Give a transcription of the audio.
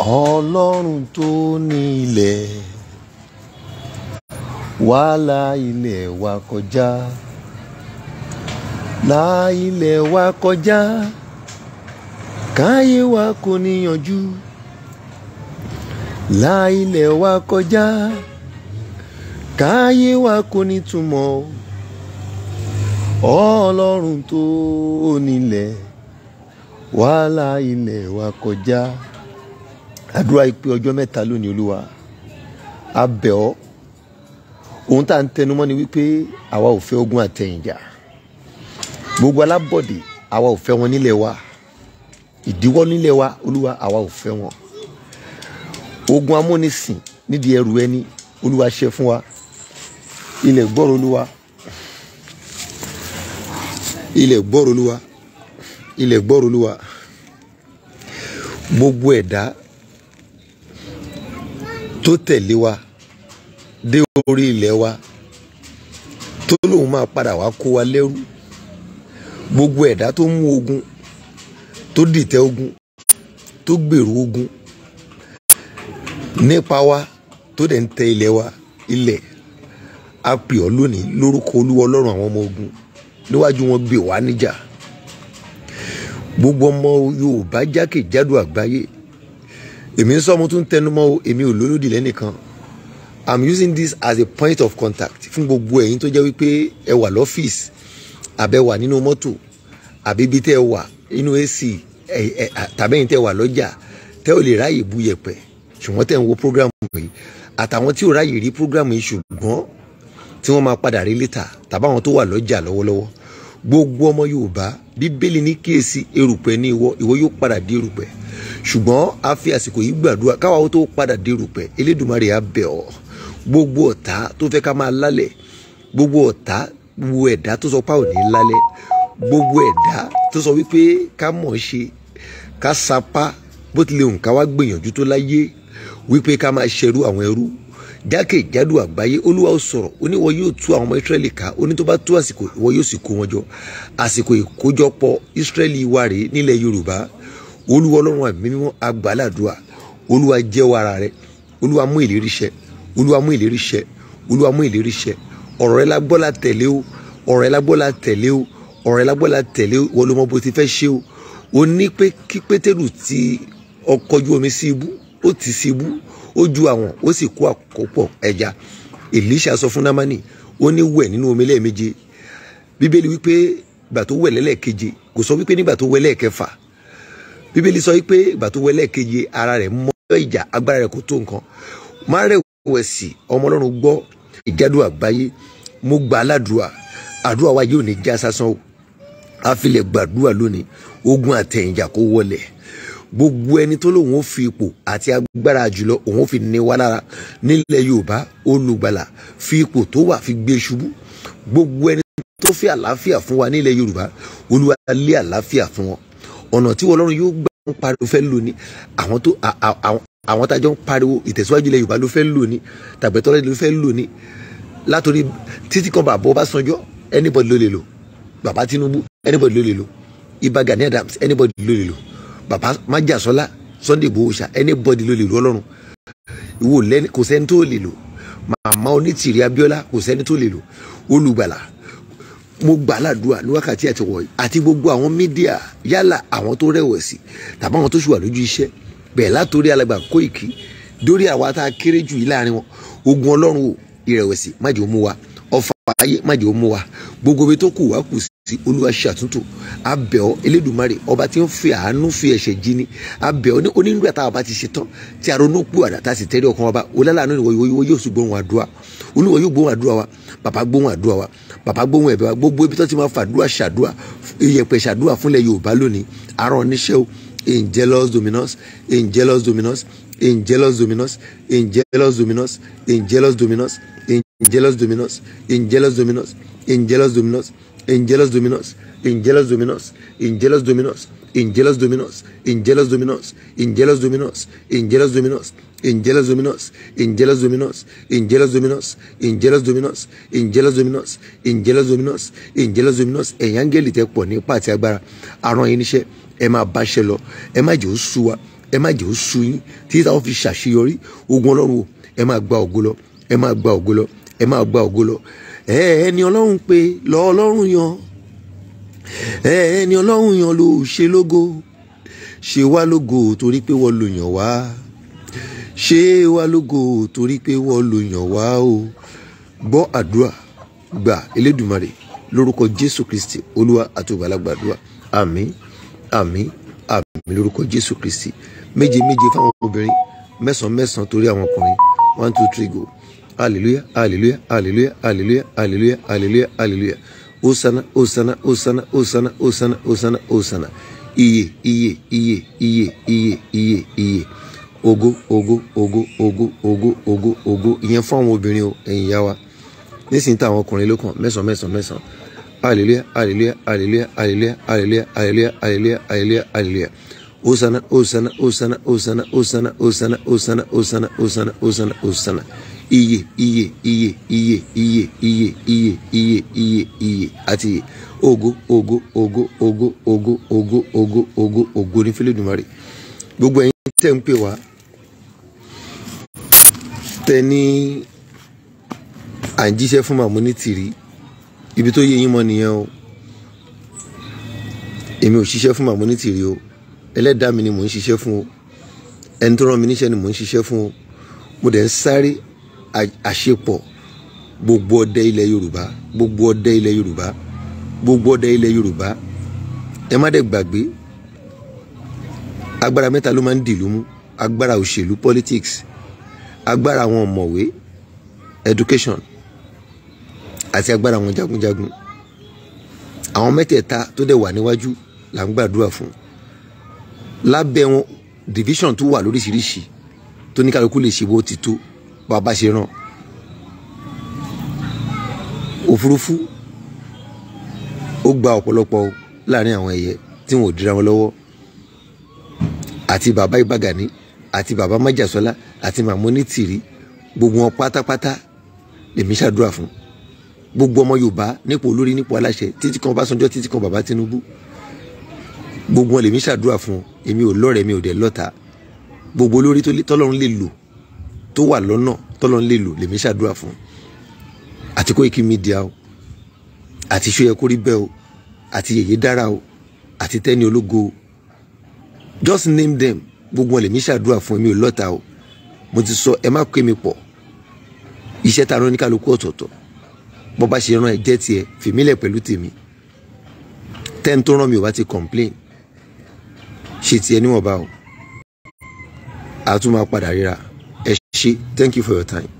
ọlọ́run tó ní ilẹ̀ wá la ilẹ̀ wa kọjá la ilẹ̀ wa kọjá káyé wa kò níyanjú la ilẹ̀ wa kọjá káyé wa kò nítumọ̀ ọlọ́run tó nílẹ̀ wá la ilẹ̀ wa kọjá àdúrà yìí pé ọjọ́ mẹ́ta lónìí olúwa a bẹ̀ ọ́ ohun tá à ń tẹnumọ́ ni wípé àwa ò fẹ́ ogun àtẹ̀yìnjà gbogbo alábọ̀dé àwa ò fẹ́ wọn nílẹ̀ wa ìdíwọ́ nílẹ̀ wa olúwa àwa ò fẹ́ wọn ogun amúnisìn nídìí ẹrù ẹni olúwa ṣe fún wa ilẹ̀ gbọ́rọ̀ olúwa ilẹ̀ gbọ́rọ̀ olúwa ilẹ̀ gbọ́rọ̀ olúwa gbogbo ẹ̀dá tó tẹ̀lé wa dé orí ilẹ̀ wa tó lóun máa padà wá kó wa lẹ́rú gbogbo ẹ̀dá tó mú ogun tó dìtẹ̀ ogun tó gbèrú ogun nípa wa tó dẹ̀ ń tẹ ilẹ̀ wa ilẹ̀ a pè ọ́ lónìí lórúkọ olúwa ọlọ́run àwọn ọmọ ogun níwájú wọn gbè wá níjà gbogbo ọmọ Yorùbá jákèjádò àgbáyé èmi ń sọ mo tún tẹnumọ́ o èmi ò lólódì lẹ́nìkan i'm using this as a point of contact fún gbogbo ẹ̀yin tó jẹ́ wípé ẹ wà lọ́fíìsì àbẹ̀ wà nínú mọ́tò àbí ibi tẹ́ ẹ wà inú ac tàbẹ́yìn tẹ́ ẹ wà lọ́jà tẹ́ ò lè ráàyè bu yẹ̀pẹ̀ ṣùgbọ́n tẹ́ ń wo program yìí àtàwọn tí ò ráàyè rí program yìí ṣùgbọ́n tí wọ́n máa padà rí lẹ́tà tàbáwọn tó wà lọ́jà lọ́wọ́lọ́wọ́ gbogbo ọmọ yorùbá bíbélì ní kíyèsí erùpẹ̀ ní ìwọ ìwọ yóò padà dé erùpẹ̀ ṣùgbọ́n a fi àsìkò yìí gbàdúrà káwa ó tó padà dé erùpẹ̀ elédùnmarè á bẹ̀ ọ́ gbogbo ọ̀tá tó fẹ́ ká máa lálẹ̀ gbogbo ọ̀tá gbogbo ẹ̀dá tó sọ pé a ò ní lálẹ̀ gbogbo ẹ̀dá tó sọ wípé ká mọ̀ ṣe ká sapá bó tilẹ̀ òǹkà wá gbìyànjú tó láyé wípé ká máa ṣerú àwọn ẹrú jákèjádò àgbáyé olúwa ó sọ̀rọ̀ ó ní wọn yóò tú àwọn ọmọ ìsírẹ́lì ká ó ní tó bá tó àsìkò ìwọ yóò sì kó wọn jọ àsìkò ìkójọpọ̀ ìsírẹ́lì wa rèé nílẹ̀ yorùbá olúwa ọlọ́run àmì mímọ́ agbáládùá olúwa jẹ́wọ́ ara rẹ olúwa mú ìlérí ṣẹ olúwa mú ìlérí ṣẹ olúwa mú ìlérí ṣẹ ọ̀rọ̀ rẹ la tẹ̀lé o ọ̀rọ̀ rẹ la tẹ̀lé o ọ̀rọ̀ rẹ la tẹ̀lé o wọ́n ló mọ bó ti fẹ́ ṣe o ó ní pé kí pétérù ti ọkọ̀ ojú omi sí ibú ó ti sí ibú ó ju àwọn ó sì kó àkópọ̀ ẹja Èlíṣà sọ fún Námánì ó ní wẹ̀ nínú omi lẹ́ẹ̀méje bíbélì wípé ìgbà tó wẹ̀ lẹ́lẹ́keje kò sọ wípé nígbà tó wẹ̀ lẹ́ẹ̀kẹfà bíbélì sọ wípé ìgbà tó wẹ̀ lẹ́ẹ̀keje ara rẹ̀ mọ́ ìjà agbára rẹ̀ kò tó nǹkan má rẹ̀wẹ̀sì ọmọ ọlọ́run gbọ́ ìjádùn àgbáyé mo gbà á àdúrà wa yóò ní já sásán o a gbàdúrà lónìí ogun àtẹ̀yìnjà kó wọlẹ̀ gbogbo ẹni tó lóun ó fi ipò àti agbára jùlọ òun ó fi ní wa lára nílẹ̀ yorùbá olùgbàlà fi ipò tó wà fi gbé ṣubú gbogbo ẹni tó fi àlàáfíà fún wa nílẹ̀ yorùbá olúwa lé àlàáfíà fún wọn ọ̀nà tí ọlọ́run yóò gbà ń pariwo fẹ́ lò ní àwọn tó àwọn tájọ ń pariwo ìtẹ̀síwájú ilẹ̀ yorùbá ló fẹ́ lò ní tàbẹ̀tọ́lẹ̀ ló fẹ́ lò ní látòrí títí kan bàbá ọbásanjọ́ anybody ló lè lò bàbá tinubu anybody ló lè lò ibà gani adams anybody ló lè lò bàbá májàsọ́lá Sunday Igboho ṣá anybody ló lè lu ọlọ́run ìwò lẹ́ni kò sẹ́ni tó lè lò màmá onítìrí Abíọ́lá kò sẹ́ni tó lè lò olùgbàlà mo gbà ládùúgbà ní wákàtí àtiwọ̀ àti gbogbo àwọn mídíà yálà àwọn tó rẹ̀wẹ̀sì tàbí àwọn tó ṣùwà lójú iṣẹ́ bẹ́ẹ̀ látòrí alàgbà Kóìkì dórí àwa tá a kéré jù yìí láàrin wọn ogun ọlọ́run o ìrẹ̀wẹ̀sì má jẹ́ ó wa ọfà ayé má jẹ́ ó wa gbogbo ibi tó kù wá kù tí olúwa ṣe àtúntò abẹ́ ọ elédùnmarè ọba tí ń fi àánú fi ẹ̀ṣẹ̀ jí ni abẹ́ ọ ní onírúurú àtàwọn bá ti ṣe tán tí aronú pò àdàtà sì tẹ́rí ọkàn wa bá olálàánú ni wọ́n yóò sì gbóhùn àdúrà olúwa yóò gbóhùn àdúrà wa bàbá gbóhùn àdúrà wa bàbá gbóhùn ẹ̀bẹ̀ wa gbogbo ibi tó ti máa fàdúrà ṣàdúrà iyẹ̀pẹ̀ ṣàdúrà fúnlẹ̀ yorùbá lónìí àrùn jealous, o angelus jealous, angelus dominus angelus jealous, angelus dominus angelus jealous, angelus dominus angelus jealous, angelus dominus Angelus Dominus, Angelus Dominus, Angelus Dominus, Angelus Dominus, Angelus Dominus, Angelus Dominus, Angelus Dominus, Angelus Dominus, Angelus Dominus, Angelus Dominus, Angelus Dominus, Angelus Dominus, Angelus Dominus, Angelus Dominus, ẹ̀yin áńgẹ́lì tẹ́ pọ̀ nípa àti agbára, àrùn ẹ̀yin níṣẹ́, ẹ máa báṣẹ́ lọ, ẹ má jẹ́ ó sú wa, ẹ má jẹ́ ó sú yín, títí táwọn fi ṣàṣeyọrí, ogun ọlọ́run o, ẹ máa gba ògo lọ, ẹ máa gba ògo lọ, ẹ máa gba ògo lọ ẹni ọlọ́run pe, lọ ọlọ́run yan ẹni ọlọ́run yan ló ṣe lógo ṣe wá lógo torí pé wọ́n lò yàn wá ṣe wá lógo torí pé wọ́n lò yàn wá o gbọ́ àdúrà gbà elédùmarè lórúkọ jésù kristi olúwa àti ògbàlagbà àdúrà àmín àmín àmín lórúkọ jésù kristi méje méje fáwọn obìnrin mẹ́sàn-án torí àwọn ọkùnrin one two three go hallelujah, hallelujah, hallelujah, hallelujah, hallelujah, hallelujah, hallelujah. Osana, Osana, Osana, Osana, Osana, Osana, Osana. Iye, iye, iye, iye, iye, iye, iye. Ogo, Ogo, Ogo, Ogo, Ogo, Ogo, Ogo. Ìyẹn fún àwọn obìnrin o, ẹ̀yin yá wa. Nísìnyí tá àwọn ọkùnrin lókàn mẹ́sàn-án mẹ́sàn-án mẹ́sàn-án. Hallelujah, hallelujah, hallelujah, hallelujah, hallelujah, hallelujah, hallelujah, hallelujah, hallelujah. Osana, Osana, Osana, Osana, Osana, Osana, Osana, Osana, Osana, Osana, Osana iye iye iye iye iye iye iye iye iye iye àti iye ògo Ogo, ogo, ogo, ogo, ogo, ogo, ogo, ògo ní fẹlẹdùmarè gbogbo ẹ̀yin tẹ́ ń pè wá tẹ́ ní à ń jíṣẹ́ fún màmú ní tìrí ibi tó yẹ yín mọ́ nìyẹn o èmi ò ṣiṣẹ́ fún màmú ní tìrí o ẹlẹ́dàá mi ni mò ń ṣiṣẹ́ fún o ẹni tó rán mi níṣẹ́ ni mò ń ṣiṣẹ́ fún o mo dẹ̀ ń sáré àṣepọ̀ gbogbo ọdẹ ilẹ̀ yorùbá gbogbo ọdẹ ilẹ̀ yorùbá gbogbo ọdẹ ilẹ̀ yorùbá ẹ má dẹ̀ gbàgbé agbára mẹ́ta ló máa ń dìlú mú agbára òṣèlú politics agbára àwọn ọ̀mọ̀wé education àti agbára àwọn jagunjagun àwọn mẹ́tẹ̀ẹ̀ta tó dẹ̀ wà níwájú là ń gbàdúrà fún lábẹ́ wọn division tó wà lóríṣiríṣi tó ní kálukú lè ṣe bó ti tó bàbá ṣe rán òfurufú ó gba ọ̀pọ̀lọpọ̀ láàrin àwọn ẹ̀yẹ tí wọn ò dira wọn lọ́wọ́ àti bàbá Ìbàgàní àti bàbá Májàsọ́lá àti màmú Onítìrí gbogbo wọn pátápátá lèmi ṣàdúrà fún gbogbo ọmọ Yorùbá nípò olórí nípò aláṣẹ títí kan Ọbásanjọ́ títí kan bàbá Tinubu gbogbo wọn lèmi ṣàdúrà fún èmi ò lọ́rẹ̀ẹ́ mi ò dẹ̀ lọ́ta gbogbo olórí tọ́lọ́run lè lò tó wà lọ́nà tọ́lọ́n lè lò lèmi ṣàdúrà fún àti Koiki Media o àti ṣóyẹ kórí bẹ́ẹ̀ o àti yèyé dára o àti tẹ́ni ológo o just name them gbogbo wọn lèmi ṣàdúrà fún mi ò lọ́ta o mo ti sọ ẹ má ké mi pọ̀ iṣẹ́ ta rán ní kálukú ọ̀tọ̀ọ̀tọ̀ bó bá ṣe rán ẹ jẹ́ tiẹ̀ fìmílẹ̀ pẹ̀lú tèmi tẹ́ni tó rán mi ò bá ti complain ṣe tiẹ̀ níwọ̀nba o a padà ríra. She, thank you for your time.